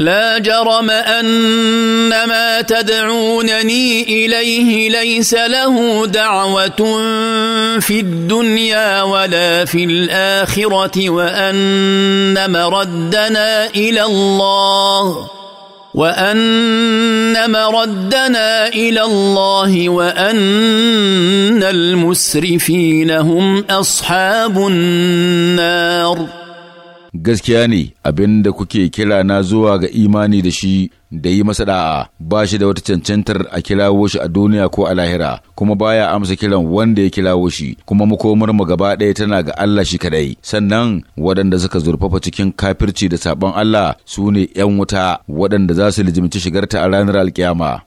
لا جرم ان ما تدعونني اليه ليس له دعوه في الدنيا ولا في الاخره وان مردنا الى الله وان مردنا الى الله وان المسرفين هم اصحاب النار gaskiya ne abin da kuke kira na zuwa ga imani da shi da yi masa da'a ba shi da wata cancantar a kilawo shi a duniya ko a lahira kuma baya amsa kiran wanda ya kilawo shi kuma makomar mu gaba ɗaya tana ga Allah shi kadai sannan waɗanda suka zurfafa cikin kafirci da sabon Allah su ne 'yan wuta waɗanda za su lijimci shigarta a ranar alkiyama